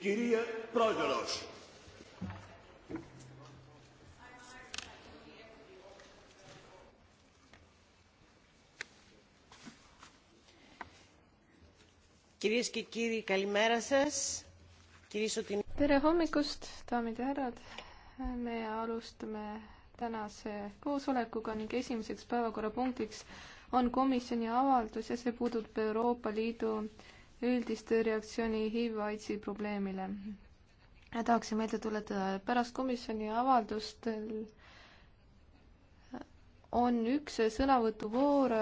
Κυρία Πρόεδρος. Κυρίες και κύριοι, καλημέρα σας. Κυρίσω την... Tere hommikust, daamid ja härrad. Me alustame tänase koosolekuga ning esimeseks päevakorrapunktiks on komisjoni avaldus ja see puudutab Euroopa Liidu üldist reaktsiooni HIV-AIDSi probleemile. tahaksin meelde tuletada, et pärast komisjoni avaldust on üks sõnavõtuvoor,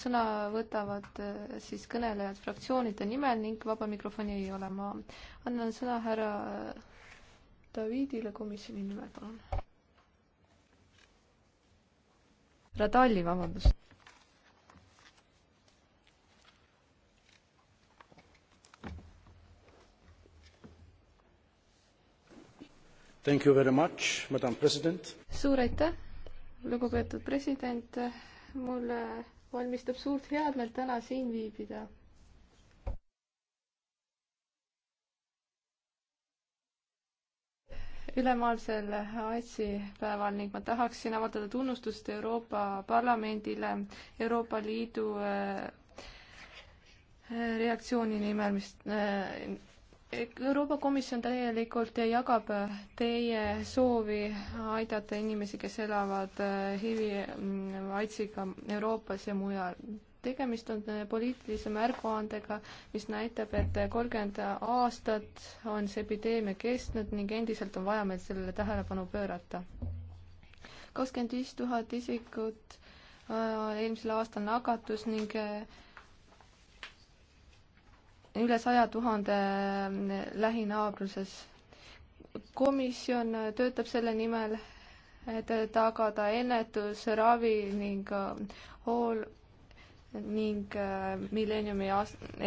sõna võtavad eh, siis kõnelejad fraktsioonide nimel ning vaba mikrofoni ei ole. ma annan sõna härra Davidile komisjoni nimel, palun. härra Talli, vabandust. Thank you very much, madam president. suur aitäh, lugupeetud president. mulle valmistab suurt heameelt täna siin viibida ülemaailmsel AIDSi päeval ning ma tahaksin avaldada tunnustust Euroopa Parlamendile Euroopa Liidu äh, reaktsiooni nimel, mis äh, Euroopa Komisjon täielikult jagab teie soovi aidata inimesi, kes elavad äh, HIV-i, mm, AIDS-iga Euroopas ja mujal. tegemist on äh, poliitilise märguandega, mis näitab, et kolmkümmend aastat on see epideemia kestnud ning endiselt on vaja meil sellele tähelepanu pöörata. kakskümmend viis tuhat isikut äh, eelmisel aastal nakatus ning üle saja tuhande mm, lähinaabruses. komisjon töötab selle nimel, et tagada ennetus, ravi ning mm, hool ning äh, milleeniumi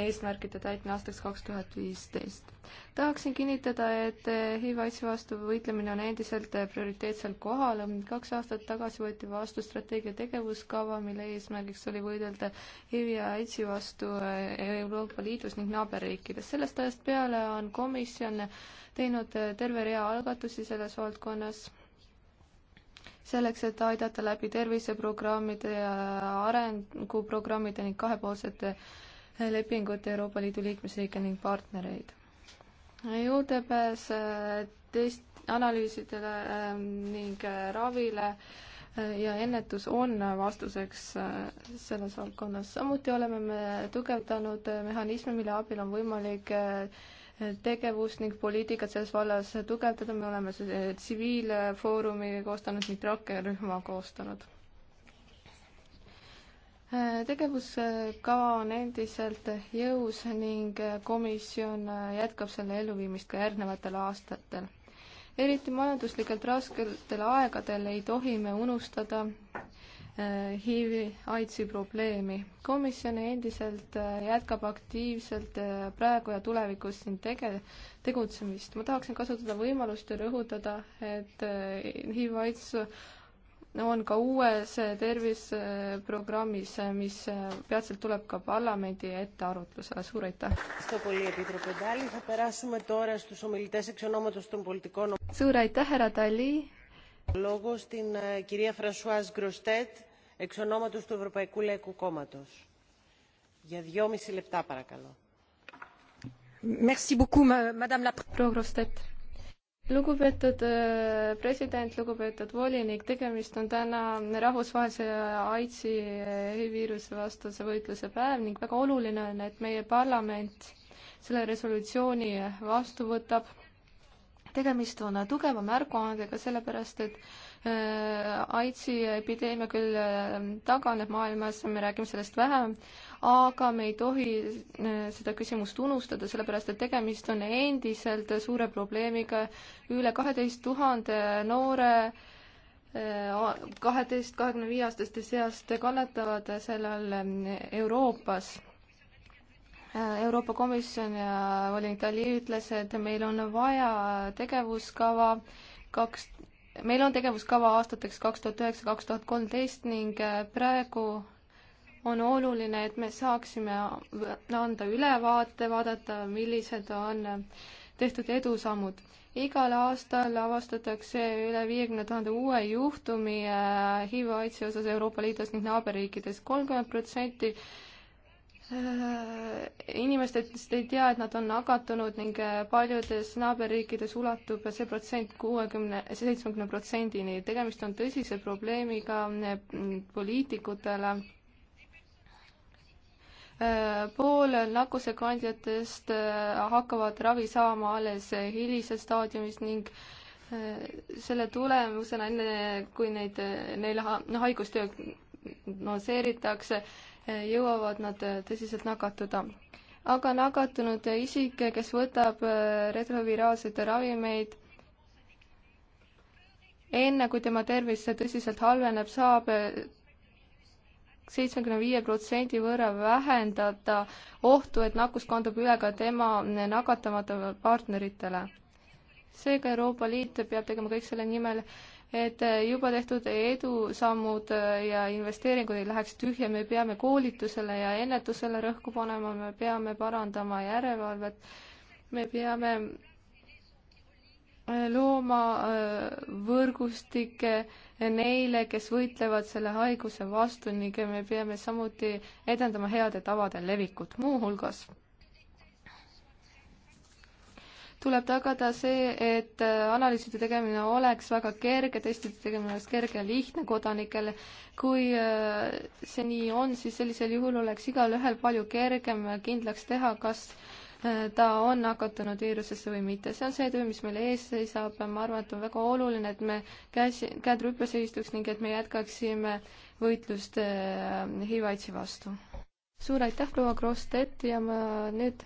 eesmärkide täitmine aastaks kaks tuhat viisteist. tahaksin kinnitada, et HIV-AIDSi äh, vastu võitlemine on endiselt äh, prioriteetsel kohal. kaks aastat tagasi võeti vastu strateegia tegevuskava, mille eesmärgiks oli võidelda HIV ja AIDSi vastu Euroopa Liidus ning naaberriikides. sellest ajast peale on komisjon teinud terve rea algatusi selles valdkonnas selleks, et aidata läbi terviseprogrammide ja arenguprogrammide ning kahepoolsete lepingute Euroopa Liidu liikmesriike ning partnereid. juurdepääs äh, test, analüüsidele ähm, ning äh, ravile äh, ja ennetus on vastuseks selles valdkonnas. samuti oleme me tugevdanud mehhanisme, mille abil on võimalik tegevust ning poliitikat selles vallas tugevdada, me oleme eh, tsiviilfoorumi koostanud ning rakkerühma koostanud. Eh, tegevuskava on endiselt jõus ning eh, komisjon jätkab selle elluviimist ka järgnevatel aastatel. eriti majanduslikelt rasketel aegadel ei tohi me unustada Äh, HIV, AIDSi probleemi. komisjon endiselt äh, jätkab aktiivselt äh, praegu ja tulevikus siin tege-, tegutsemist. ma tahaksin kasutada võimalust ja rõhutada, et HIV, AIDS on ka uues terviseprogrammis, mis peatselt tuleb ka parlamendi ette arutlusele. suur aitäh! suur aitäh, härra Dali! Λόγο στην κυρία Φρασουάς Γκροστέτ, εξ ονόματος του Ευρωπαϊκού Λαϊκού Κόμματος. Για δυόμιση λεπτά παρακαλώ. Merci beaucoup, madame la... Proua Γκροστέτ, lugupeetud äh, president, lugupeetud volinik, tegemist on täna rahvusvahelise AIDSi äh, viiruse vastase võitluse päev ning väga oluline on, et meie parlament selle resolutsiooni vastu võtab tegemist on tugeva märguandega, sellepärast et äh, AIDSi epideemia küll äh, taganeb maailmas, me räägime sellest vähem, aga me ei tohi äh, seda küsimust unustada, sellepärast et tegemist on endiselt suure probleemiga. üle kaheteist tuhande noore kaheteist, kahekümne viie aastaste seast kannatavad selle all Euroopas Euroopa Komisjon ja volinik Dali ütles, et meil on vaja tegevuskava kaks, meil on tegevuskava aastateks kaks tuhat üheksa, kaks tuhat kolmteist ning äh, praegu on oluline, et me saaksime anda ülevaate, vaadata, millised on tehtud edusammud. igal aastal avastatakse üle viiekümne tuhande uue juhtumi äh, HIV-aidsi osas Euroopa Liidus ning naaberriikides. kolmkümmend protsenti äh, inimestest ei tea, et nad on nakatunud ning äh, paljudes naaberriikides ulatub see protsent kuuekümne, seitsmekümne protsendini. tegemist on tõsise probleemiga äh, poliitikutele. Äh, pool nakkusekandjatest hakkavad ravi saama alles hilises staadiumis ning selle tulemusena, enne kui neid, neile ha, noh, haigust diagnoseeritakse, jõuavad nad tõsiselt nakatuda aga nakatunud isik, kes võtab äh, retroviraalseid ravimeid, enne kui tema tervis tõsiselt halveneb, saab äh, seitsmekümne viie protsendi võrra vähendada ohtu, et nakkus kandub üle ka tema äh, nakatamata partneritele. seega Euroopa Liit peab tegema kõik selle nimel, et äh, juba tehtud edusammud äh, ja investeeringud ei läheks tühja, me peame koolitusele ja ennetusele rõhku panema, me peame parandama järelevalvet, me peame äh, looma võrgustikke neile, kes võitlevad selle haiguse vastu ning me peame samuti edendama heade tavade levikut muuhulgas tuleb tagada see, et äh, analüüside tegemine oleks väga kerge, testide tegemine oleks kerge ja lihtne kodanikele. kui äh, see nii on, siis sellisel juhul oleks igalühel palju kergem kindlaks teha, kas äh, ta on nakatunud viirusesse või mitte. see on see töö, mis meil ees seisab. ma arvan, et on väga oluline, et me käes, käed rüpes ei istuks ning et me jätkaksime võitlust HIV-AIDSi vastu. suur aitäh, proua Kross, et ja ma nüüd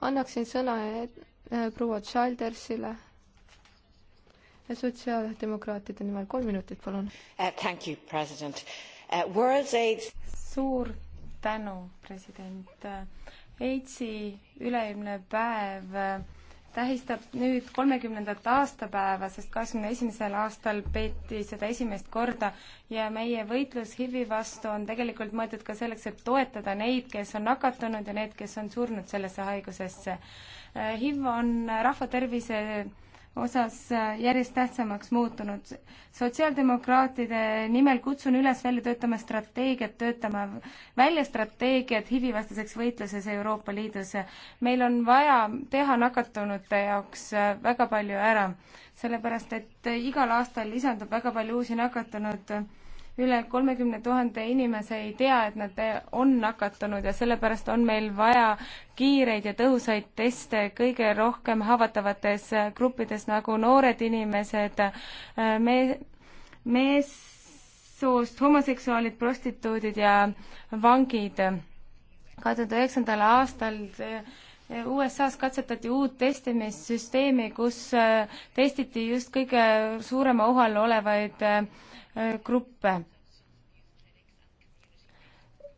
annaksin sõna et Äh, proua Childersile sotsiaaldemokraatide nimel kolm minutit, palun uh,. Thank you, president uh,. World AIDS. suur tänu, president. Uh, AIDSi üleilmne päev uh, tähistab nüüd kolmekümnendat aastapäeva, sest kaheksakümne esimesel aastal peeti seda esimest korda ja meie võitlus HIV-i vastu on tegelikult mõeldud ka selleks, et toetada neid, kes on nakatunud ja need, kes on surnud sellesse haigusesse. HIV on rahvatervise osas äh, järjest tähtsamaks muutunud. sotsiaaldemokraatide nimel kutsun üles välja töötama strateegiat, töötama välja strateegiat HIV-vastaseks võitluses Euroopa Liidus. meil on vaja teha nakatunute jaoks äh, väga palju ära, sellepärast et äh, igal aastal lisandub väga palju uusi nakatunud üle kolmekümne tuhande inimese ei tea, et nad on nakatunud ja sellepärast on meil vaja kiireid ja tõhusaid teste kõige rohkem haavatavates gruppides, nagu noored inimesed, me-, meessoost homoseksuaalid, prostituudid ja vangid. kahe tuhande üheksandal aastal eh, USA-s katsetati uut testimissüsteemi, kus eh, testiti just kõige suurema ohu all olevaid äh, gruppe.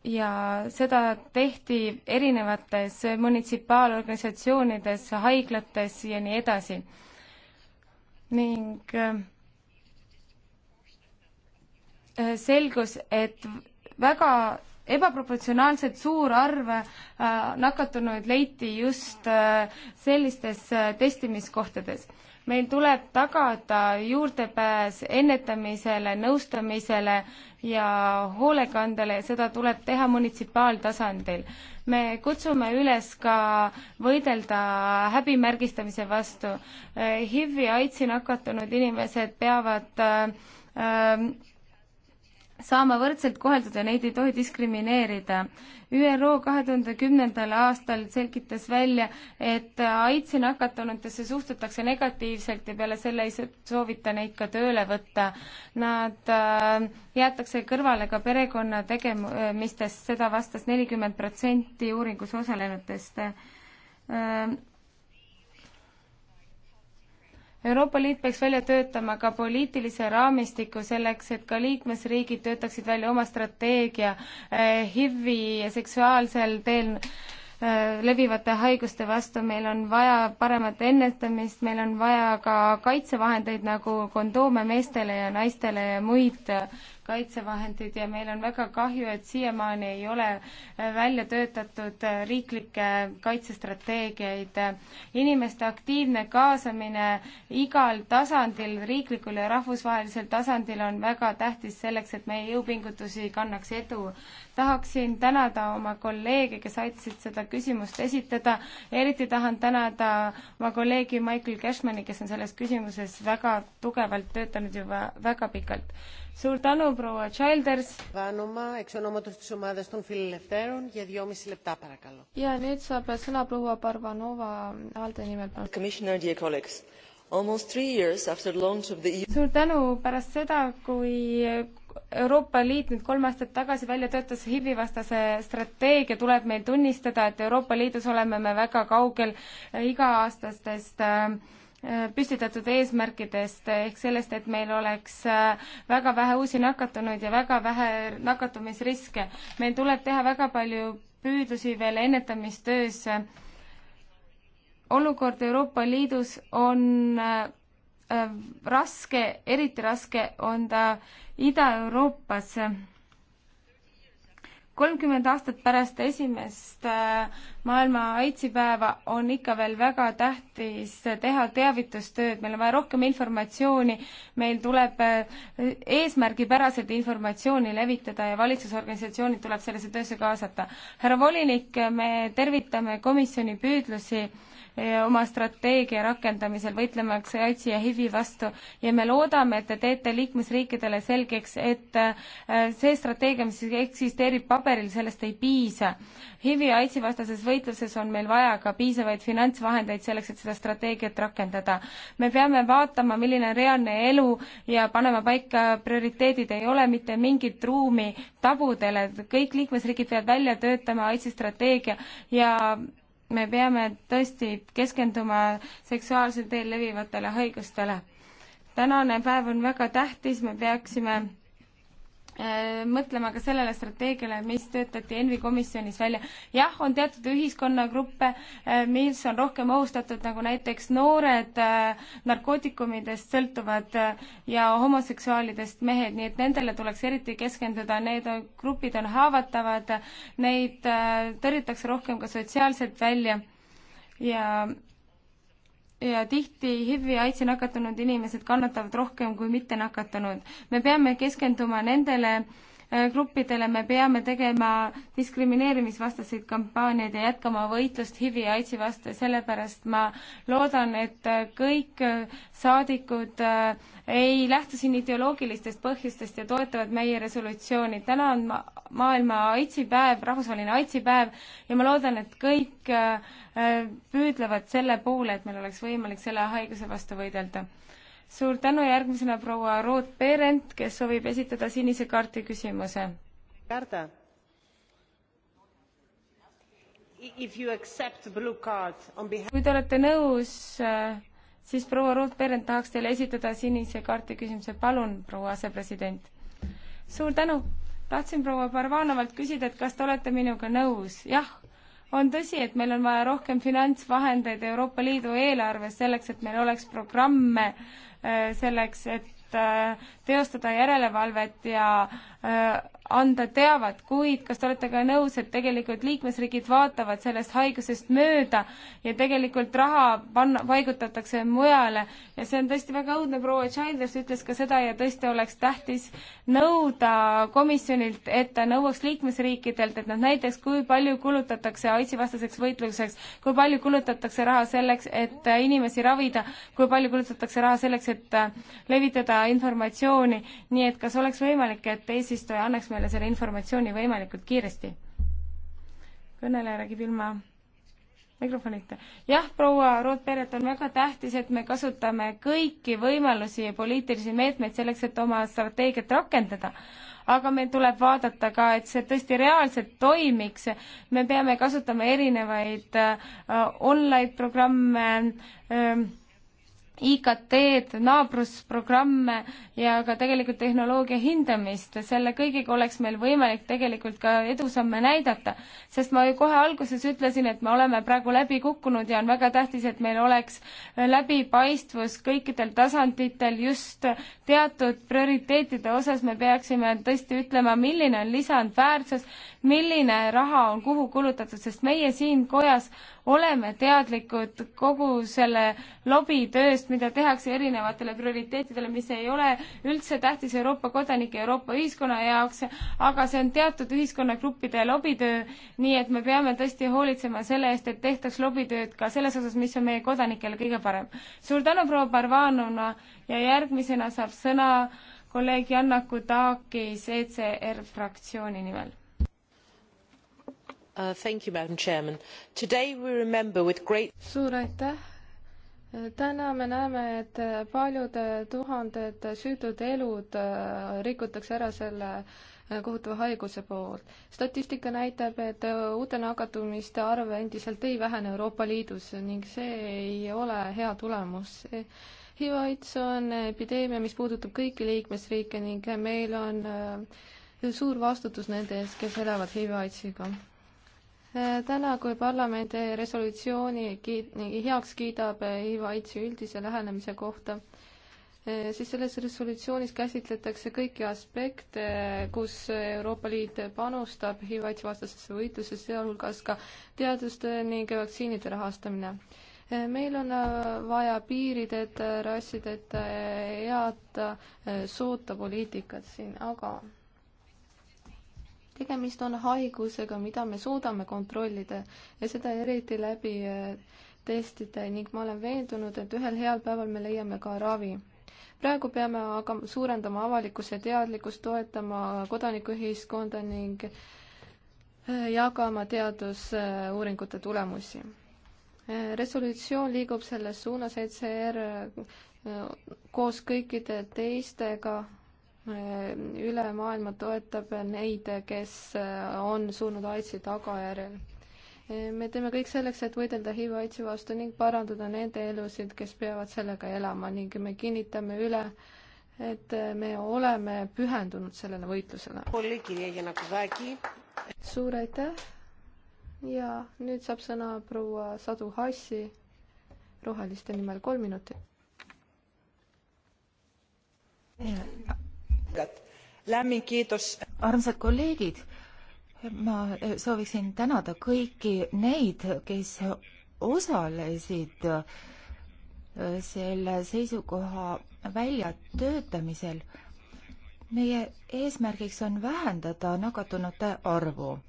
ja seda tehti erinevates munitsipaalorganisatsioonides, haiglates ja nii edasi. ning äh, selgus, et väga ebaproportsionaalselt suur arv äh, nakatunuid leiti just äh, sellistes testimiskohtades meil tuleb tagada juurdepääs ennetamisele, nõustamisele ja hoolekandele ja seda tuleb teha munitsipaaltasandil. me kutsume üles ka võidelda häbimärgistamise vastu. Eh, HIV-i, AIDSi nakatunud inimesed peavad äh, saama võrdselt koheldud ja neid ei tohi diskrimineerida. ÜRO kahe tuhande kümnendal aastal selgitas välja, et AIDSi nakatunutesse suhtutakse negatiivselt ja peale selle ei soovita neid ka tööle võtta. Nad äh, jäetakse kõrvale ka perekonna tegemistest, seda vastas nelikümmend protsenti uuringus osalenutest äh, Euroopa Liit peaks välja töötama ka poliitilise raamistiku selleks, et ka liikmesriigid töötaksid välja oma strateegia eh, HIV-i ja seksuaalsel teel eh, levivate haiguste vastu, meil on vaja paremat ennetamist, meil on vaja ka kaitsevahendeid nagu kondoome meestele ja naistele ja muid kaitsevahendid ja meil on väga kahju, et siiamaani ei ole äh, välja töötatud äh, riiklikke kaitsestrateegiaid. inimeste aktiivne kaasamine igal tasandil, riiklikul ja rahvusvahelisel tasandil on väga tähtis selleks, et meie jõupingutusi kannaks edu. tahaksin tänada oma kolleege, kes aitasid seda küsimust esitada, eriti tahan tänada oma kolleegi Michael Cashmani, kes on selles küsimuses väga tugevalt töötanud juba väga pikalt suur tänu, proua Childers. ja nüüd saab sõna proua Barbanova ALDE nimel. E suur tänu, pärast seda, kui Euroopa Liit nüüd kolm aastat tagasi välja töötas HIV-vastase strateegia, tuleb meil tunnistada, et Euroopa Liidus oleme me väga kaugel iga-aastastest äh, püstitatud eesmärkidest ehk sellest, et meil oleks äh, väga vähe uusi nakatunuid ja väga vähe nakatumisriske. meil tuleb teha väga palju püüdlusi veel ennetamistöös. olukord Euroopa Liidus on äh, raske, eriti raske on ta Ida-Euroopas kolmkümmend aastat pärast esimest äh, maailma aitsipäeva on ikka veel väga tähtis teha teavitustööd, meil on vaja rohkem informatsiooni, meil tuleb äh, eesmärgipäraselt informatsiooni levitada ja valitsusorganisatsioonid tuleb sellesse töösse kaasata. härra volinik, me tervitame komisjoni püüdlusi äh, Eh, oma strateegia rakendamisel võitlemaks AIDSi ja HIV-i vastu ja me loodame, et te teete liikmesriikidele selgeks, et eh, see strateegia, mis eksisteerib paberil, sellest ei piisa. HIV-i ja AIDSi vastases võitluses on meil vaja ka piisavaid finantsvahendeid selleks, et seda strateegiat rakendada. me peame vaatama, milline on reaalne elu ja panema paika prioriteedid, ei ole mitte mingit ruumi tabudele, kõik liikmesriigid peavad välja töötama AIDSi strateegia ja me peame tõesti keskenduma seksuaalsel teel levivatele haigustele. tänane päev on väga tähtis, me peaksime Äh, mõtlema ka sellele strateegiale, mis töötati ENVI komisjonis välja. jah, on teatud ühiskonnagruppe, äh, mis on rohkem ohustatud, nagu näiteks noored äh, narkootikumidest sõltuvad ja homoseksuaalidest mehed, nii et nendele tuleks eriti keskenduda, need grupid on haavatavad, neid tõrjutakse rohkem ka sotsiaalselt välja ja ja tihti HIV-i ja AIDS-i nakatunud inimesed kannatavad rohkem kui mittenakatunud. me peame keskenduma nendele gruppidele, me peame tegema diskrimineerimisvastaseid kampaaniaid ja jätkama võitlust HIV-i ja AIDSi vastu ja sellepärast ma loodan, et kõik saadikud äh, ei lähtu siin ideoloogilistest põhjustest ja toetavad meie resolutsiooni. täna on ma-, maailma AIDSi päev, rahvusvaheline AIDSi päev ja ma loodan, et kõik äh, püüdlevad selle poole, et meil oleks võimalik selle haiguse vastu võidelda suur tänu, järgmisena proua Ruut Perent, kes soovib esitada sinise kaarti küsimuse. Karda. kui te olete nõus, äh, siis proua Ruut Perent tahaks teile esitada sinise kaarti küsimuse, palun, proua asepresident. suur tänu, tahtsin proua Barbanovalt küsida, et kas te olete minuga nõus, jah on tõsi, et meil on vaja rohkem finantsvahendeid Euroopa Liidu eelarves selleks, et meil oleks programme äh, Äh, selleks, et äh, teostada järelevalvet ja äh, anda teavet, kuid kas te olete ka nõus, et tegelikult liikmesriigid vaatavad sellest haigusest mööda ja tegelikult raha panna, paigutatakse mujale ja see on tõesti väga õudne, proua Childers ütles ka seda ja tõesti oleks tähtis nõuda komisjonilt, et ta nõuaks liikmesriikidelt, et noh, näiteks kui palju kulutatakse AIDSi vastaseks võitluseks, kui palju kulutatakse raha selleks, et inimesi ravida, kui palju kulutatakse raha selleks, et levitada informatsiooni, nii et kas oleks võimalik, et eesistuja annaks meile meile selle informatsiooni võimalikult kiiresti. kõneleja räägib ilma mikrofonita. jah, proua Rootperet, on väga tähtis, et me kasutame kõiki võimalusi ja poliitilisi meetmeid selleks, et oma strateegiat rakendada. aga meil tuleb vaadata ka, et see tõesti reaalselt toimiks. me peame kasutama erinevaid äh, online programme äh,, IKT-d, naabrusprogramme ja ka tegelikult tehnoloogia hindamist, selle kõigiga oleks meil võimalik tegelikult ka edusamme näidata. sest ma ju kohe alguses ütlesin, et me oleme praegu läbi kukkunud ja on väga tähtis, et meil oleks läbipaistvus kõikidel tasanditel just teatud prioriteetide osas, me peaksime tõesti ütlema, milline on lisandväärtus, milline raha on kuhu kulutatud, sest meie siin kojas oleme teadlikud kogu selle lobitööst, mida tehakse erinevatele prioriteetidele, mis ei ole üldse tähtis Euroopa kodanike, Euroopa ühiskonna jaoks, aga see on teatud ühiskonnagruppide lobitöö, nii et me peame tõesti hoolitsema selle eest, et tehtaks lobitööd ka selles osas, mis on meie kodanikele kõige parem. suur tänu, proua Barbanova ja järgmisena saab sõna kolleeg Jannaku Taakis ECR fraktsiooni nimel Uh, you, great... suur aitäh! täna me näeme, et paljud tuhanded süütud elud äh, rikutakse ära selle äh, kohutava haiguse poolt. statistika näitab, et äh, uute nakatumiste arv endiselt ei vähene Euroopa Liidus ning see ei ole hea tulemus. HIV-AIDS on epideemia, mis puudutab kõiki liikmesriike ning meil on suur vastutus nende ees, kes elavad HIV-AIDSiga täna, kui parlament resolutsiooni kiit-, heaks kiidab HIV-AIDSi üldise lähenemise kohta, siis selles resolutsioonis käsitletakse kõiki aspekte, kus Euroopa Liit panustab HIV-AIDSi vastasesse võitlusse, sealhulgas ka teaduste ning vaktsiinide rahastamine. meil on vaja piirideta, rassideta, head, soota poliitikat siin, aga tegemist on haigusega, mida me suudame kontrollida ja seda eriti läbi eh, testide ning ma olen veendunud, et ühel heal päeval me leiame ka ravi. praegu peame aga suurendama avalikkuse teadlikkust, toetama kodanikuühiskonda ning eh, jagama teadusuuringute tulemusi. Eh, resolutsioon liigub selles suunas, et see koos kõikide teistega Äh, üle maailma toetab neid, kes äh, on surnud AIDSi tagajärjel. Äh, me teeme kõik selleks, et võidelda HIV-AIDSi vastu ning parandada nende elusid, kes peavad sellega elama ning me kinnitame üle, et me oleme pühendunud sellele võitlusele. suur aitäh ja nüüd saab sõna proua Sadu Hassi roheliste nimel kolm minutit armsad kolleegid, ma eh, sooviksin tänada kõiki neid, kes osalesid eh, selle seisukoha väljatöötamisel. meie eesmärgiks on vähendada nakatunute arvu.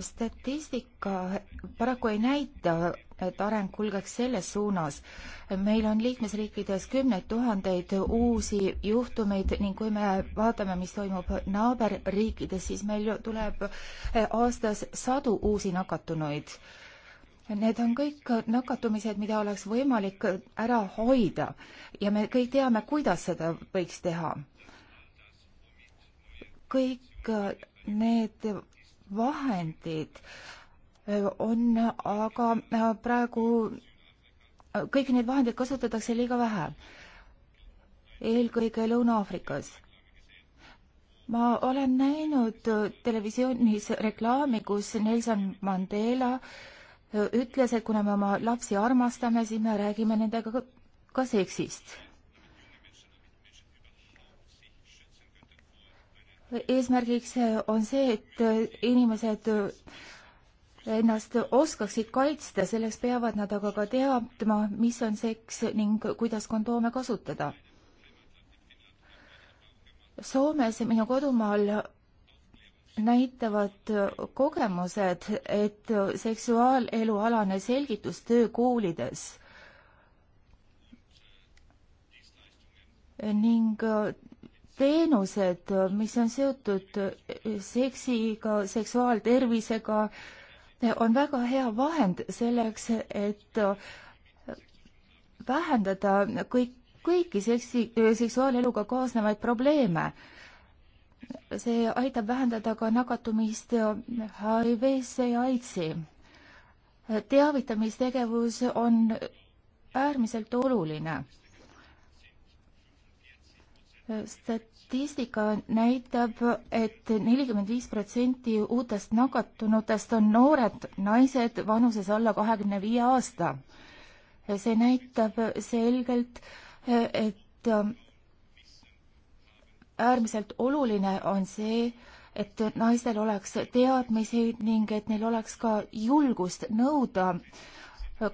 statistika paraku ei näita et areng kulgeks selles suunas. meil on liikmesriikides kümneid tuhandeid uusi juhtumeid ning kui me vaatame, mis toimub naaberriikides, siis meil tuleb aastas sadu uusi nakatunuid. Need on kõik nakatumised, mida oleks võimalik ära hoida ja me kõik teame, kuidas seda võiks teha. kõik need vahendid on aga äh, praegu, äh, kõiki neid vahendeid kasutatakse liiga vähe. eelkõige Lõuna-Aafrikas. ma olen näinud äh, televisioonis reklaami, kus Nelson Mandela ütles, et kuna me oma lapsi armastame, siis me räägime nendega ka, ka seksist eesmärgiks on see, et inimesed ennast oskaksid kaitsta, selleks peavad nad aga ka teadma, mis on seks ning kuidas kondoome kasutada. Soomes, minu kodumaal, näitavad kogemused, et seksuaalelualane selgitustöö koolides ning teenused, mis on seotud seksiga, seksuaaltervisega, on väga hea vahend selleks, et vähendada kõik, kõiki seksi, seksuaaleluga kaasnevaid probleeme. see aitab vähendada ka nakatumist HIV-sse ja AIDSi. teavitamistegevus on äärmiselt oluline statistika näitab et, et nelikümmend viis protsenti uutest nakatunutest on noored naised vanuses alla kahekümne viie aasta. see näitab selgelt, et äärmiselt oluline on see, et naistel oleks teadmisi ning et neil oleks ka julgust nõuda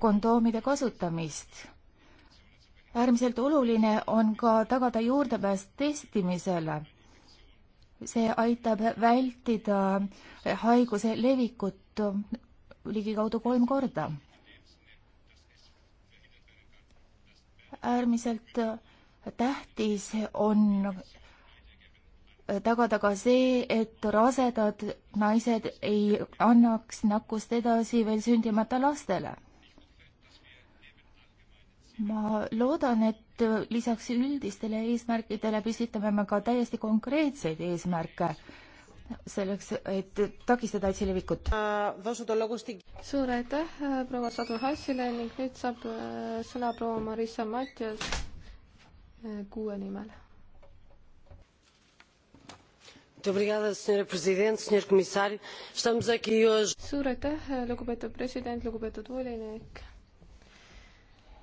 kondoomide kasutamist äärmiselt oluline on ka tagada juurdepääs testimisele. see aitab vältida haiguse levikut ligikaudu kolm korda. äärmiselt tähtis on tagada ka see, et rasedad naised ei annaks nakkust edasi veel sündimata lastele ma loodan, et lisaks üldistele eesmärkidele püstitame me ka täiesti konkreetseid eesmärke selleks, et takistada AIDSi levikut. suur aitäh äh, proua Sadu Hassile ning nüüd saab äh, sõna proua Marissa Matjas äh, kuue nimel. suur aitäh, lugupeetud president, lugupeetud volinik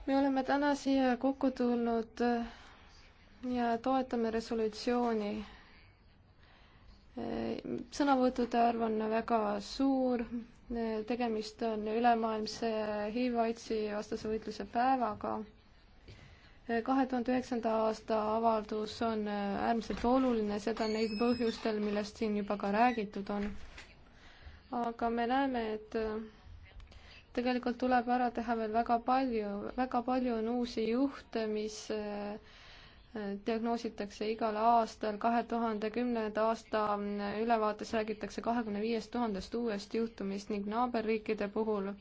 me oleme täna siia kokku tulnud äh, ja toetame resolutsiooni. Äh, sõnavõttude arv on väga suur, äh, tegemist on ülemaailmse HIV-AIDSi vastase võitluse päevaga. kahe tuhande üheksanda aasta avaldus on äärmiselt oluline, seda neil põhjustel, millest siin juba ka räägitud on. aga me näeme, et tegelikult tuleb ära teha veel väga palju, väga palju on uusi juhte, mis eh, diagnoositakse igal aastal, kahe tuhande kümnenda aasta ülevaates räägitakse kahekümne viiest tuhandest uuest juhtumist ning naaberriikide puhul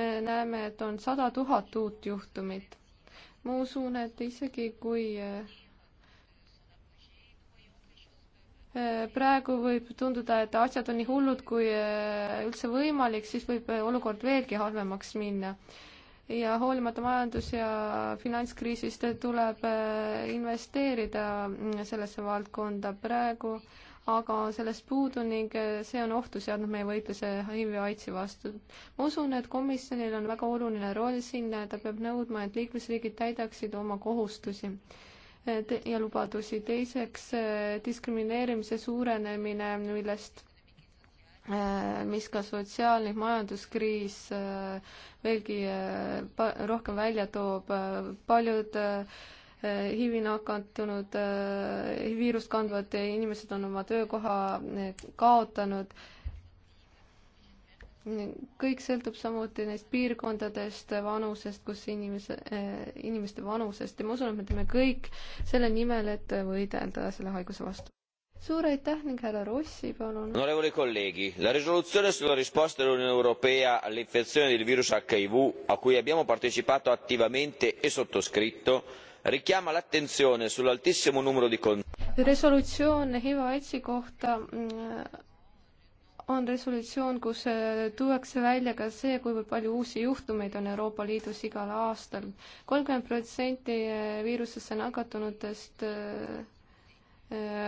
me näeme, et on sada tuhat uut juhtumit. ma usun, et isegi kui eh, Äh, praegu võib tunduda, et asjad on nii hullud kui äh, üldse võimalik, siis võib äh, olukord veelgi halvemaks minna. ja hoolimata majandus- ja finantskriisist tuleb investeerida mm, sellesse valdkonda praegu, aga on sellest puudu ning see on ohtu seadnud meie võitluse HIV ja AIDSi vastu. ma usun, et komisjonil on väga oluline roll siin, ta peab nõudma, et liikmesriigid täidaksid oma kohustusi ja lubadusi. teiseks eh, diskrimineerimise suurenemine, millest eh, mis ka sotsiaal- ning majanduskriis eh, veelgi rohkem välja toob. paljud HIV-i nakatunud, viirust kandvad inimesed on oma töökoha kaotanud kõik sõltub samuti neist piirkondadest, vanusest, kus inimese, eh, inimeste vanusest ja ma usun, et me teeme kõik selle nimel, et võidelda selle haiguse vastu. suur aitäh ning härra Rossi, palun. Onorevoli colleghi, la risoluzione sulla risposta dell'Unione Europea all'infezione del virus HIV a cui abbiamo partecipato attivamente e sottoscritto richiama l'attenzione sull'altissimo numero di con-. resolutsioon HIV-AIDSi kohta mm, on resolutsioon, kus äh, tuuakse välja ka see, kuivõrd palju uusi juhtumeid on Euroopa Liidus igal aastal. kolmkümmend protsenti äh, viirusesse nakatunutest äh,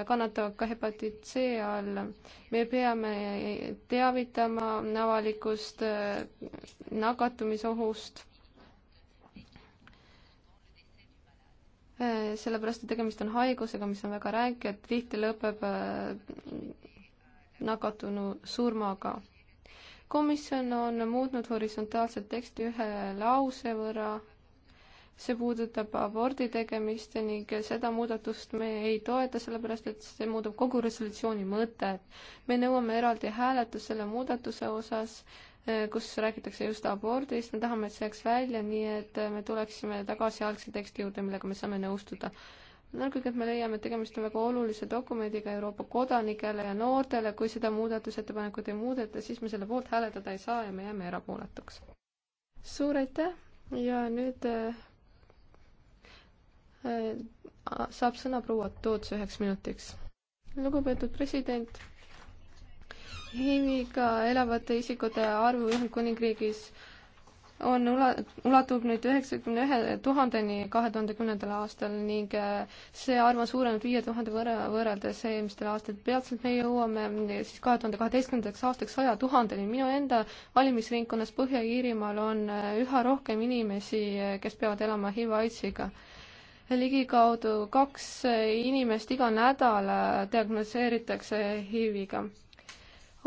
kannatavad ka hepatiit C all. me peame teavitama avalikkust nakatumisohust sellepärast, et tegemist on haigusega, mis on väga ränk ja tihti lõpeb nakatunu surmaga. komisjon on muutnud horisontaalset teksti ühe lause võrra, see puudutab abordi tegemist ning seda muudatust me ei toeta, sellepärast et see muudab kogu resolutsiooni mõtet. me nõuame eraldi hääletust selle muudatuse osas, eh, kus räägitakse just abordist, me tahame, et see jääks välja, nii et me tuleksime tagasi algse teksti juurde, millega me saame nõustuda eelkõige, et me leiame, et tegemist on väga olulise dokumendiga Euroopa kodanikele ja noortele, kui seda muudatusettepanekut ei muudeta, siis me selle poolt hääletada ei saa ja me jääme erapooletuks. suur aitäh ja nüüd äh, äh, saab sõna proua Toots üheks minutiks. lugupeetud president, HIV-ga elavate isikute arv Ühendkuningriigis äh, on ula-, ulatub nüüd üheksakümne ühe tuhandeni kahe tuhande kümnendal aastal ning äh, see arv on suurenenud viie tuhande võrra, võrreldes eelmistel aastatel. peatselt me jõuame äh, siis kahe tuhande kaheteistkümnendaks aastaks saja tuhandeni. minu enda valimisringkonnas Põhja-Iirimaal on äh, üha rohkem inimesi, kes peavad elama HIV-AIDSiga ligikaudu kaks inimest iga nädal diagnoseeritakse HIV-iga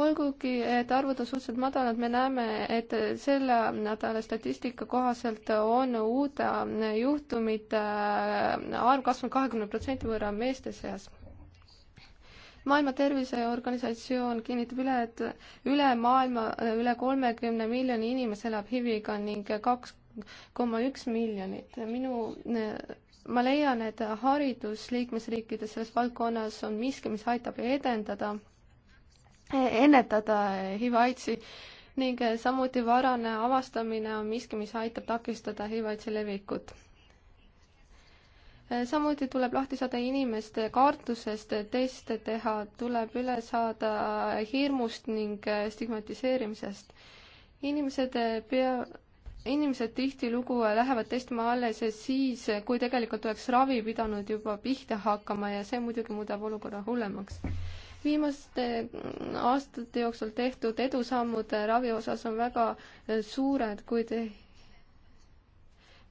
olgugi, et arvud on suhteliselt madalad, me näeme, et selle nädala statistika kohaselt on uute juhtumite arv kasvanud kahekümne protsendi võrra meeste seas. maailma Terviseorganisatsioon kinnitab üle, et üle maailma üle kolmekümne miljoni inimese elab HIV-iga ning kaks koma üks miljonit. minu ma leian, et haridus liikmesriikides selles valdkonnas on miski, mis aitab edendada ennetada HIV-AIDSi ning samuti varane avastamine on miski, mis aitab takistada HIV-AIDSi levikut. samuti tuleb lahti saada inimeste kartusest teste teha, tuleb üle saada hirmust ning stigmatiseerimisest. inimesed pea, inimesed tihtilugu lähevad testima alles siis, kui tegelikult oleks ravi pidanud juba pihta hakkama ja see muidugi muudab olukorra hullemaks viimaste mm, aastate jooksul tehtud edusammud ravi osas on väga eh, suured, kuid eh,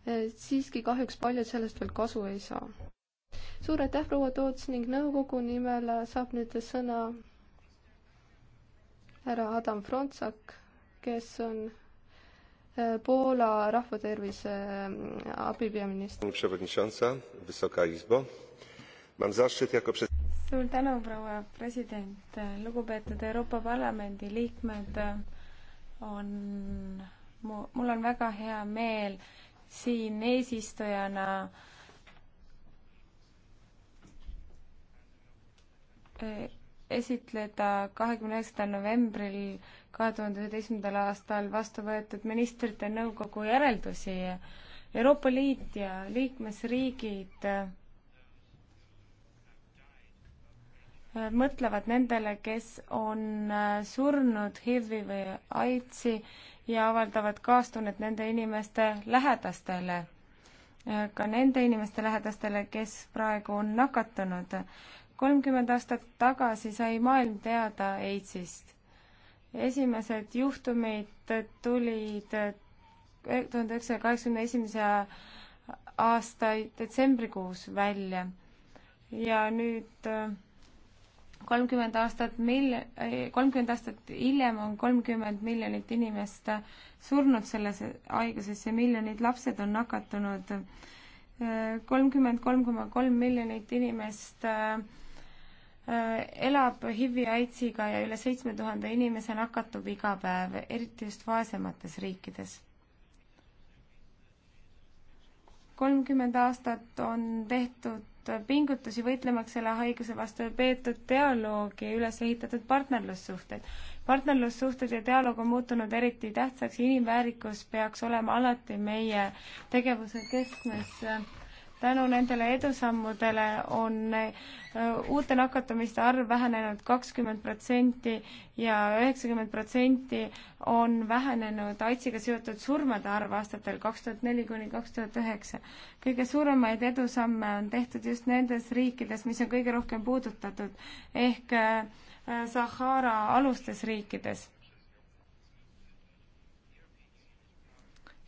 eh, siiski kahjuks paljud sellest veel kasu ei saa. suur aitäh, proua Toots ning nõukogu nimel saab nüüd sõna härra Adam Frontsak, kes on Poola rahvatervise mm, abipeaminister suur tänu, proua president, lugupeetud Euroopa Parlamendi liikmed, on, mul on väga hea meel siin eesistujana e, esitleda kahekümne üheksandal novembril kahe tuhande üheteistkümnendal aastal vastu võetud ministrite nõukogu järeldusi. Euroopa Liit ja liikmesriigid mõtlevad nendele, kes on äh, surnud HIV-i või AIDSi ja avaldavad kaastunnet nende inimeste lähedastele, äh, ka nende inimeste lähedastele, kes praegu on nakatunud. kolmkümmend aastat tagasi sai maailm teada AIDSist. esimesed juhtumid tulid äh, tuhande üheksasaja kaheksakümne esimese aasta detsembrikuus välja ja nüüd kolmkümmend aastat mil-, eh, kolmkümmend aastat hiljem on kolmkümmend miljonit inimest surnud sellesse haigusesse, miljonid lapsed on nakatunud, eh, kolmkümmend kolm koma kolm miljonit inimest eh, elab HIV-i AIDS-iga ja üle seitsme tuhande inimese nakatub iga päev, eriti just vaesemates riikides. kolmkümmend aastat on tehtud pingutusi võitlemaks selle haiguse vastu ja peetud dialoogi ja üles ehitatud partnerlussuhteid. partnerlussuhted ja dialoog on muutunud eriti tähtsaks ja inimväärikus peaks olema alati meie tegevuse keskmes tänu nendele edusammudele on äh, uute nakatumiste arv vähenenud kakskümmend protsenti ja üheksakümmend protsenti on vähenenud AIDSiga seotud surmade arv aastatel kaks tuhat neli kuni kaks tuhat üheksa. kõige suuremaid edusamme on tehtud just nendes riikides, mis on kõige rohkem puudutatud ehk äh, Sahara alustes riikides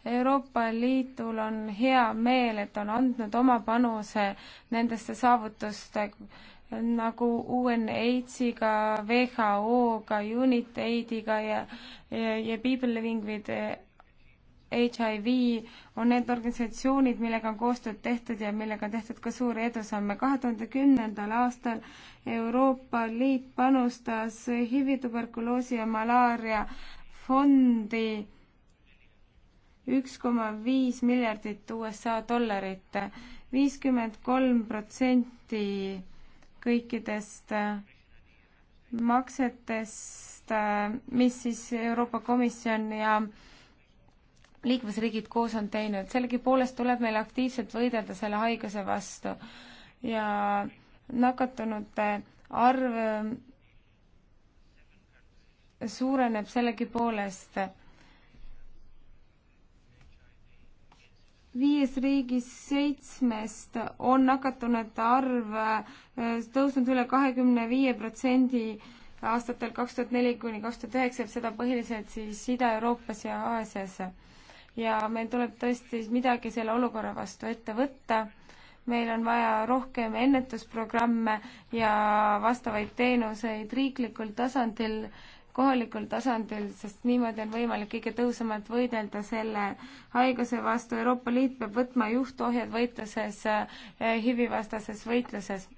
Euroopa Liidul on hea meel, et on andnud oma panuse nendesse saavutuste nagu UNAIDS-iga, WHO-ga, UNITAID-iga ja, ja, ja People Living with HIV on need organisatsioonid, millega on koostööd tehtud ja millega on tehtud ka suuri edusamme. kahe tuhande kümnendal aastal Euroopa Liit panustas HIV-i, tuberkuloosi ja malaaria fondi üks koma viis miljardit USA dollarit, viiskümmend kolm protsenti kõikidest äh, maksetest, äh, mis siis Euroopa Komisjon ja liikmesriigid koos on teinud, sellegipoolest tuleb meil aktiivselt võidelda selle haiguse vastu ja nakatunute arv äh, suureneb sellegipoolest viies riigis seitsmest on nakatunute arv äh, tõusnud üle kahekümne viie protsendi aastatel kaks tuhat neli kuni kaks tuhat üheksa, seda põhiliselt siis Ida-Euroopas ja Aasias. ja meil tuleb tõesti midagi selle olukorra vastu ette võtta. meil on vaja rohkem ennetusprogramme ja vastavaid teenuseid riiklikul tasandil kohalikul tasandil, sest niimoodi on võimalik kõige tõhusamalt võidelda selle haiguse vastu. Euroopa Liit peab võtma juhtohjad võitluses HIV-i eh, vastases võitluses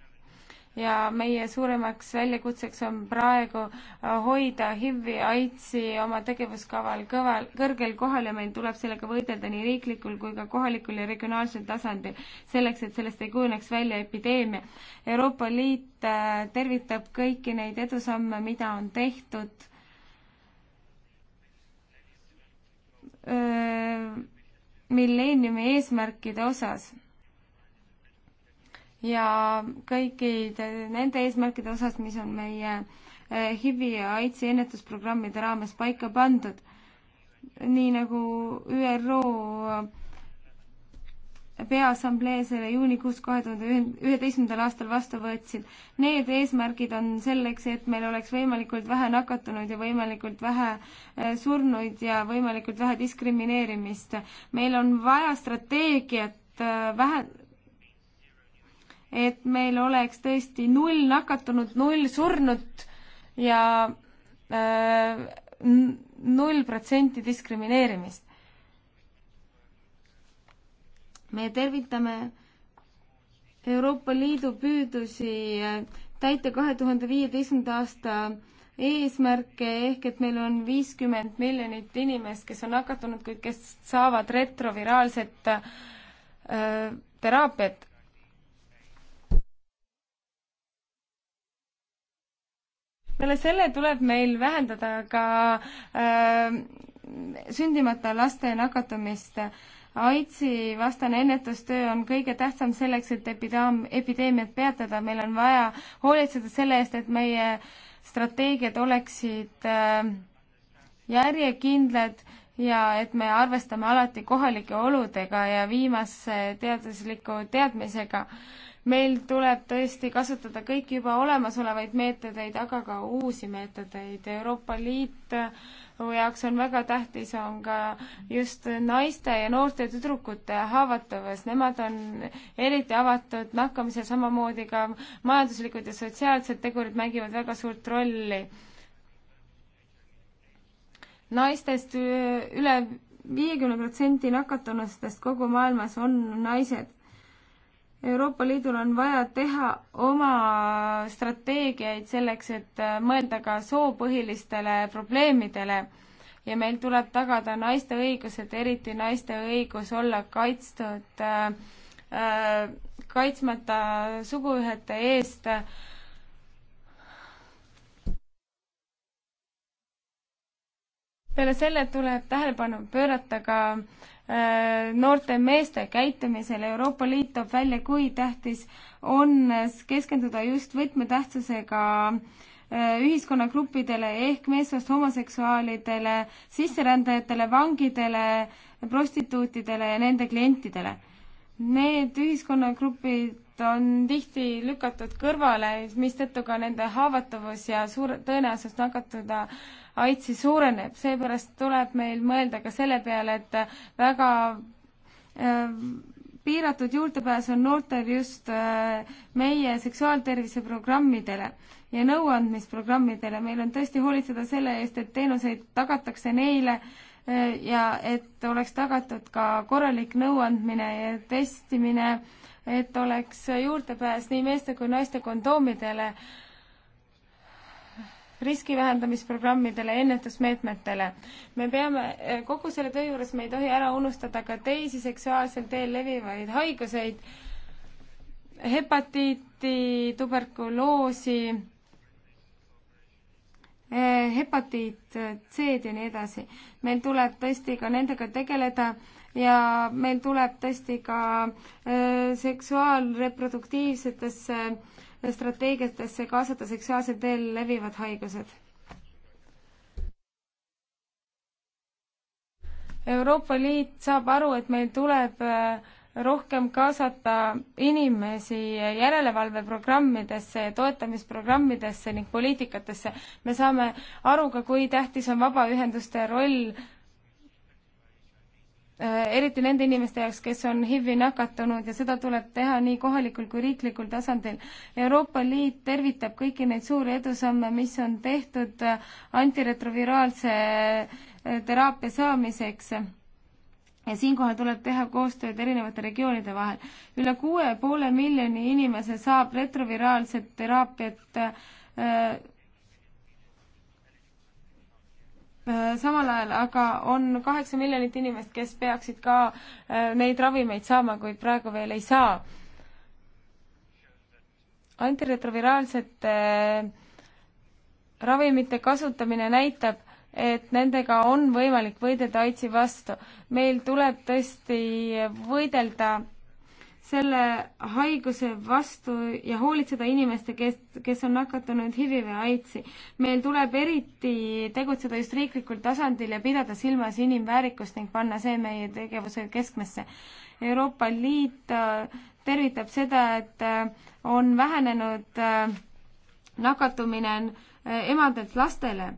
ja meie suuremaks väljakutseks on praegu äh, hoida HIV-i, AIDSi oma tegevuskaval kõval, kõrgel kohal ja meil tuleb sellega võidelda nii riiklikul kui ka kohalikul ja regionaalsel tasandil, selleks et sellest ei kujuneks välja epideemia. Euroopa Liit äh, tervitab kõiki neid edusamme, mida on tehtud äh, milleeniumi eesmärkide osas ja kõikide nende eesmärkide osas, mis on meie HIV-i eh, ja AIDSi ennetusprogrammide raames paika pandud. nii nagu ÜRO eh, Peaassamblee selle juunikuus kahe tuhande üheteistkümnendal aastal vastu võtsid. Need eesmärgid on selleks, et meil oleks võimalikult vähe nakatunuid ja võimalikult vähe eh, surnuid ja võimalikult vähe diskrimineerimist. meil on vaja strateegiat vähe, et meil oleks tõesti null nakatunut, null surnut ja äh, null protsenti diskrimineerimist. me tervitame Euroopa Liidu püüdusi äh, täita kahe tuhande viieteistkümnenda aasta eesmärke ehk et meil on viiskümmend miljonit inimest, kes on nakatunud, kuid kes saavad retroviraalset äh, teraapiat peale selle tuleb meil vähendada ka äh, sündimata laste nakatumist. AIDSi vastane ennetustöö on kõige tähtsam selleks, et epidaam, epideemiat peatada, meil on vaja hoolitseda selle eest, et meie strateegiad oleksid äh, järjekindlad ja et me arvestame alati kohalike oludega ja viimase teadusliku teadmisega äh, meil tuleb tõesti kasutada kõiki juba olemasolevaid meetodeid, aga ka uusi meetodeid. Euroopa Liidu jaoks on väga tähtis, on ka just naiste ja noorte tüdrukute haavatavus. Nemad on eriti avatud nakkamise, samamoodi ka majanduslikud ja sotsiaalsed tegurid mängivad väga suurt rolli. naistest üle viiekümne protsendi nakatunustest kogu maailmas on naised Euroopa Liidul on vaja teha oma strateegiaid selleks, et äh, mõelda ka soopõhilistele probleemidele ja meil tuleb tagada naiste õigused, eriti naiste õigus olla kaitstud äh, äh, kaitsmata suguühete eest äh, peale selle tuleb tähelepanu pöörata ka Äh, noorte meeste käitumisel. Euroopa Liit toob välja, kui tähtis on keskenduda just võtmetähtsusega äh, ühiskonnagruppidele ehk meessoost homoseksuaalidele, sisserändajatele, vangidele, prostituutidele ja nende klientidele. Need ühiskonnagrupid on tihti lükatud kõrvale, mistõttu ka nende haavatavus ja suur tõenäosus nakatuda äh, AIDSi suureneb, seepärast tuleb meil mõelda ka selle peale, et väga ähm, piiratud juurdepääs on noortel just äh, meie seksuaaltervise programmidele ja nõuandmisprogrammidele. meil on tõesti hoolitseda selle eest, et teenuseid tagatakse neile äh, ja et oleks tagatud ka korralik nõuandmine ja testimine, et oleks juurdepääs nii meeste kui naiste kondoomidele riski vähendamisprogrammidele, ennetusmeetmetele. me peame, eh, kogu selle töö juures me ei tohi ära unustada ka teisi seksuaalsel teel levivaid haiguseid, hepatiiti, tuberkuloosi, eh, hepatiit C-d ja nii edasi. meil tuleb tõesti ka nendega tegeleda ja meil tuleb tõesti ka eh, seksuaalreproduktiivsetesse äh, strateegiatesse kaasata seksuaalsel teel levivad haigused. Euroopa Liit saab aru, et meil tuleb äh, rohkem kaasata inimesi järelevalveprogrammidesse ja toetamisprogrammidesse ning poliitikatesse. me saame aru ka, kui tähtis on vabaühenduste roll Äh, eriti nende inimeste jaoks, kes on HIV-i nakatunud ja seda tuleb teha nii kohalikul kui riiklikul tasandil. Euroopa Liit tervitab kõiki neid suuri edusamme, mis on tehtud äh, antiretroviraalse äh, teraapia saamiseks ja siinkohal tuleb teha koostööd erinevate regioonide vahel. üle kuue poole miljoni inimese saab retroviraalset teraapiat äh, Äh, samal ajal aga on kaheksa miljonit inimest, kes peaksid ka äh, neid ravimeid saama, kuid praegu veel ei saa. antiretroviraalsete äh, ravimite kasutamine näitab, et nendega on võimalik võidelda AIDSi vastu. meil tuleb tõesti võidelda selle haiguse vastu ja hoolitseda inimeste, kes, kes on nakatunud HIV-i või AIDSi. meil tuleb eriti tegutseda just riiklikul tasandil ja pidada silmas inimväärikust ning panna see meie tegevuse keskmesse. Euroopa Liit äh, tervitab seda, et äh, on vähenenud äh, nakatumine emadelt lastele.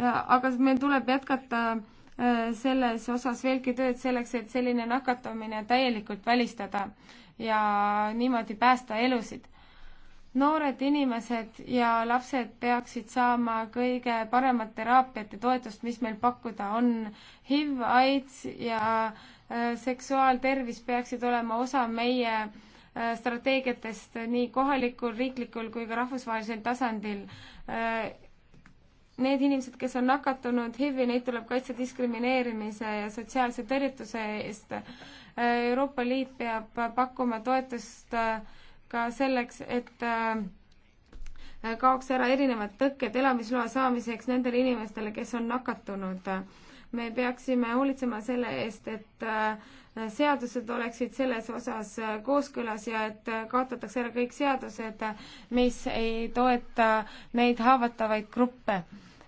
aga meil tuleb jätkata Äh, selles osas veelgi tööd selleks, et selline nakatumine täielikult välistada ja niimoodi päästa elusid. noored inimesed ja lapsed peaksid saama kõige paremat teraapiat ja toetust, mis meil pakkuda on. HIV, AIDS ja äh, seksuaaltervis peaksid olema osa meie äh, strateegiatest nii kohalikul, riiklikul kui ka rahvusvahelisel tasandil need inimesed, kes on nakatunud HIV-i, neid tuleb kaitsta diskrimineerimise ja sotsiaalse tõrjutuse eest. Euroopa Liit peab pakkuma toetust äh, ka selleks, et äh, kaoks ära erinevad tõkked elamisloa saamiseks nendele inimestele, kes on nakatunud. me peaksime hoolitsema selle eest, et äh, seadused oleksid selles osas kooskõlas ja et kaotatakse ära kõik seadused, mis ei toeta neid haavatavaid gruppe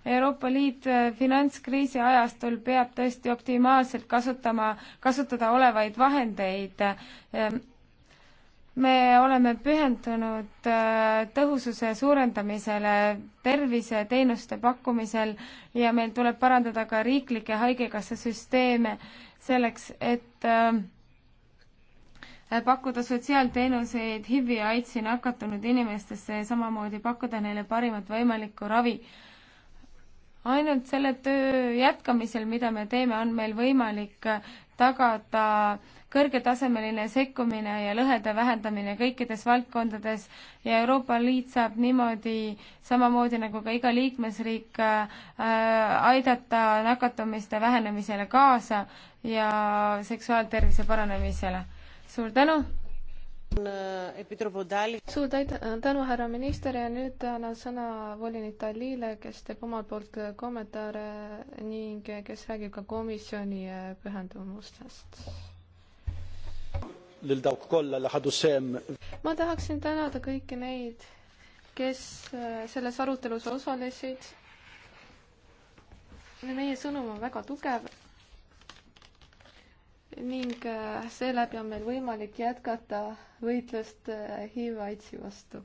Euroopa Liit äh, finantskriisi ajastul peab tõesti optimaalselt kasutama, kasutada olevaid vahendeid. Ehm, me oleme pühendunud äh, tõhususe suurendamisele terviseteenuste pakkumisel ja meil tuleb parandada ka riiklikke haigekassa süsteeme selleks, et äh, pakkuda sotsiaalteenuseid HIV ja AIDSi nakatunud inimestesse ja samamoodi pakkuda neile parimat võimalikku ravi ainult selle töö jätkamisel, mida me teeme, on meil võimalik tagada kõrgetasemeline sekkumine ja lõhede vähendamine kõikides valdkondades ja Euroopa Liit saab niimoodi, samamoodi nagu ka iga liikmesriik äh,, aidata nakatumiste vähenemisele kaasa ja seksuaaltervise paranemisele. suur tänu! suur äh, tänu, härra minister ja nüüd annan sõna volinik Talile, kes teeb omalt poolt kommentaare ning kes räägib ka komisjoni äh, pühendumustest. ma tahaksin tänada kõiki neid, kes äh, selles arutelus osalesid. meie sõnum on väga tugev ning äh, seeläbi on meil võimalik jätkata võitlust äh, HIV-AIDSi vastu.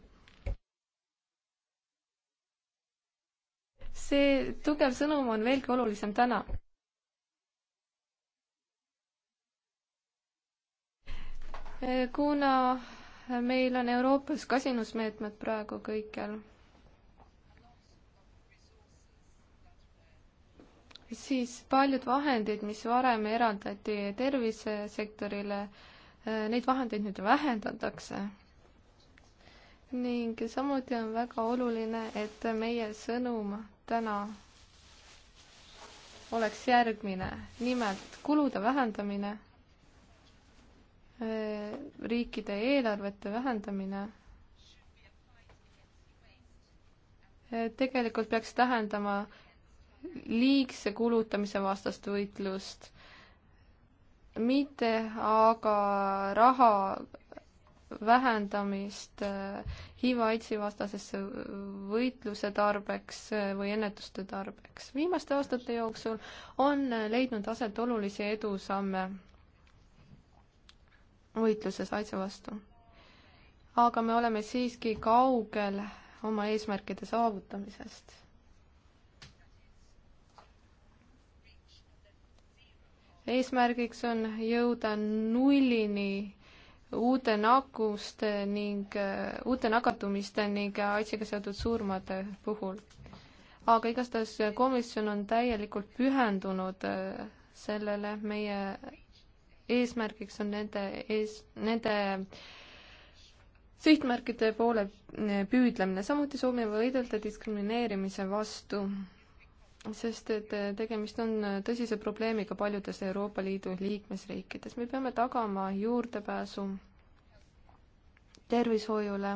see tugev sõnum on veelgi olulisem täna. Äh, kuna meil on Euroopas kasinusmeetmed praegu kõikjal siis paljud vahendid, mis varem eraldati tervisesektorile, eh, neid vahendeid nüüd vähendatakse. ning samuti on väga oluline, et meie sõnum täna oleks järgmine, nimelt kulude vähendamine, eh, riikide eelarvete vähendamine eh, tegelikult peaks tähendama liigse kulutamise vastast võitlust, mitte aga raha vähendamist HIV-AIDSi äh, vastasesse võitluse tarbeks äh, või ennetuste tarbeks. viimaste aastate jooksul on äh, leidnud aset olulisi edusamme võitluses AIDSi vastu. aga me oleme siiski kaugel oma eesmärkide saavutamisest eesmärgiks on jõuda nullini uute nakkuste ning äh, uute nakatumiste ning AIDSiga seotud surmade puhul. aga igastahes komisjon on täielikult pühendunud äh, sellele, meie eesmärgiks on nende ees, nende sihtmärkide poole äh, püüdlemine, samuti soovime võidelda diskrimineerimise vastu sest et eh, tegemist on eh, tõsise probleemiga paljudes Euroopa Liidu liikmesriikides. me peame tagama juurdepääsu tervishoiule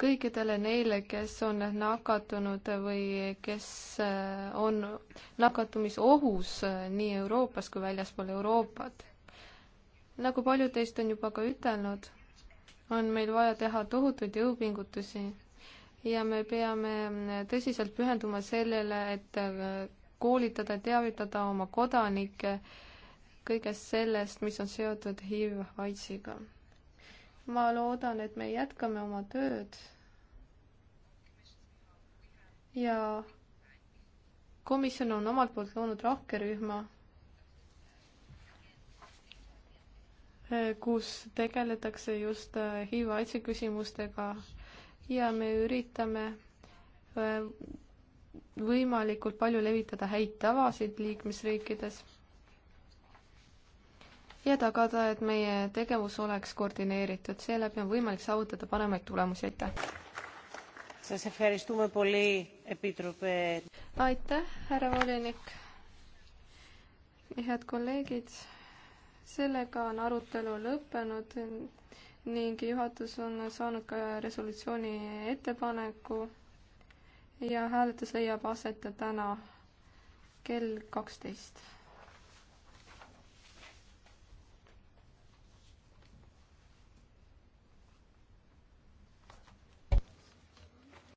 kõikidele neile, kes on nakatunud või kes eh, on nakatumisohus nii Euroopas kui väljaspool Euroopat. nagu paljud teist on juba ka ütelnud, on meil vaja teha tohutuid jõupingutusi ja me peame tõsiselt pühenduma sellele, et äh, koolitada, teavitada oma kodanikke kõigest sellest, mis on seotud HIV-AIDSiga. ma loodan, et me jätkame oma tööd ja komisjon on omalt poolt loonud rahkerühma, äh, kus tegeletakse just äh, HIV-AIDSi küsimustega ja me üritame äh, võimalikult palju levitada häid tavasid liikmesriikides ja tagada, et meie tegevus oleks koordineeritud, seeläbi on võimalik saavutada paremaid tulemusi, aitäh! aitäh, härra volinik! head kolleegid, sellega on arutelu lõppenud ning juhatus on saanud ka resolutsiooni ettepaneku ja hääletus leiab aset täna kell kaksteist.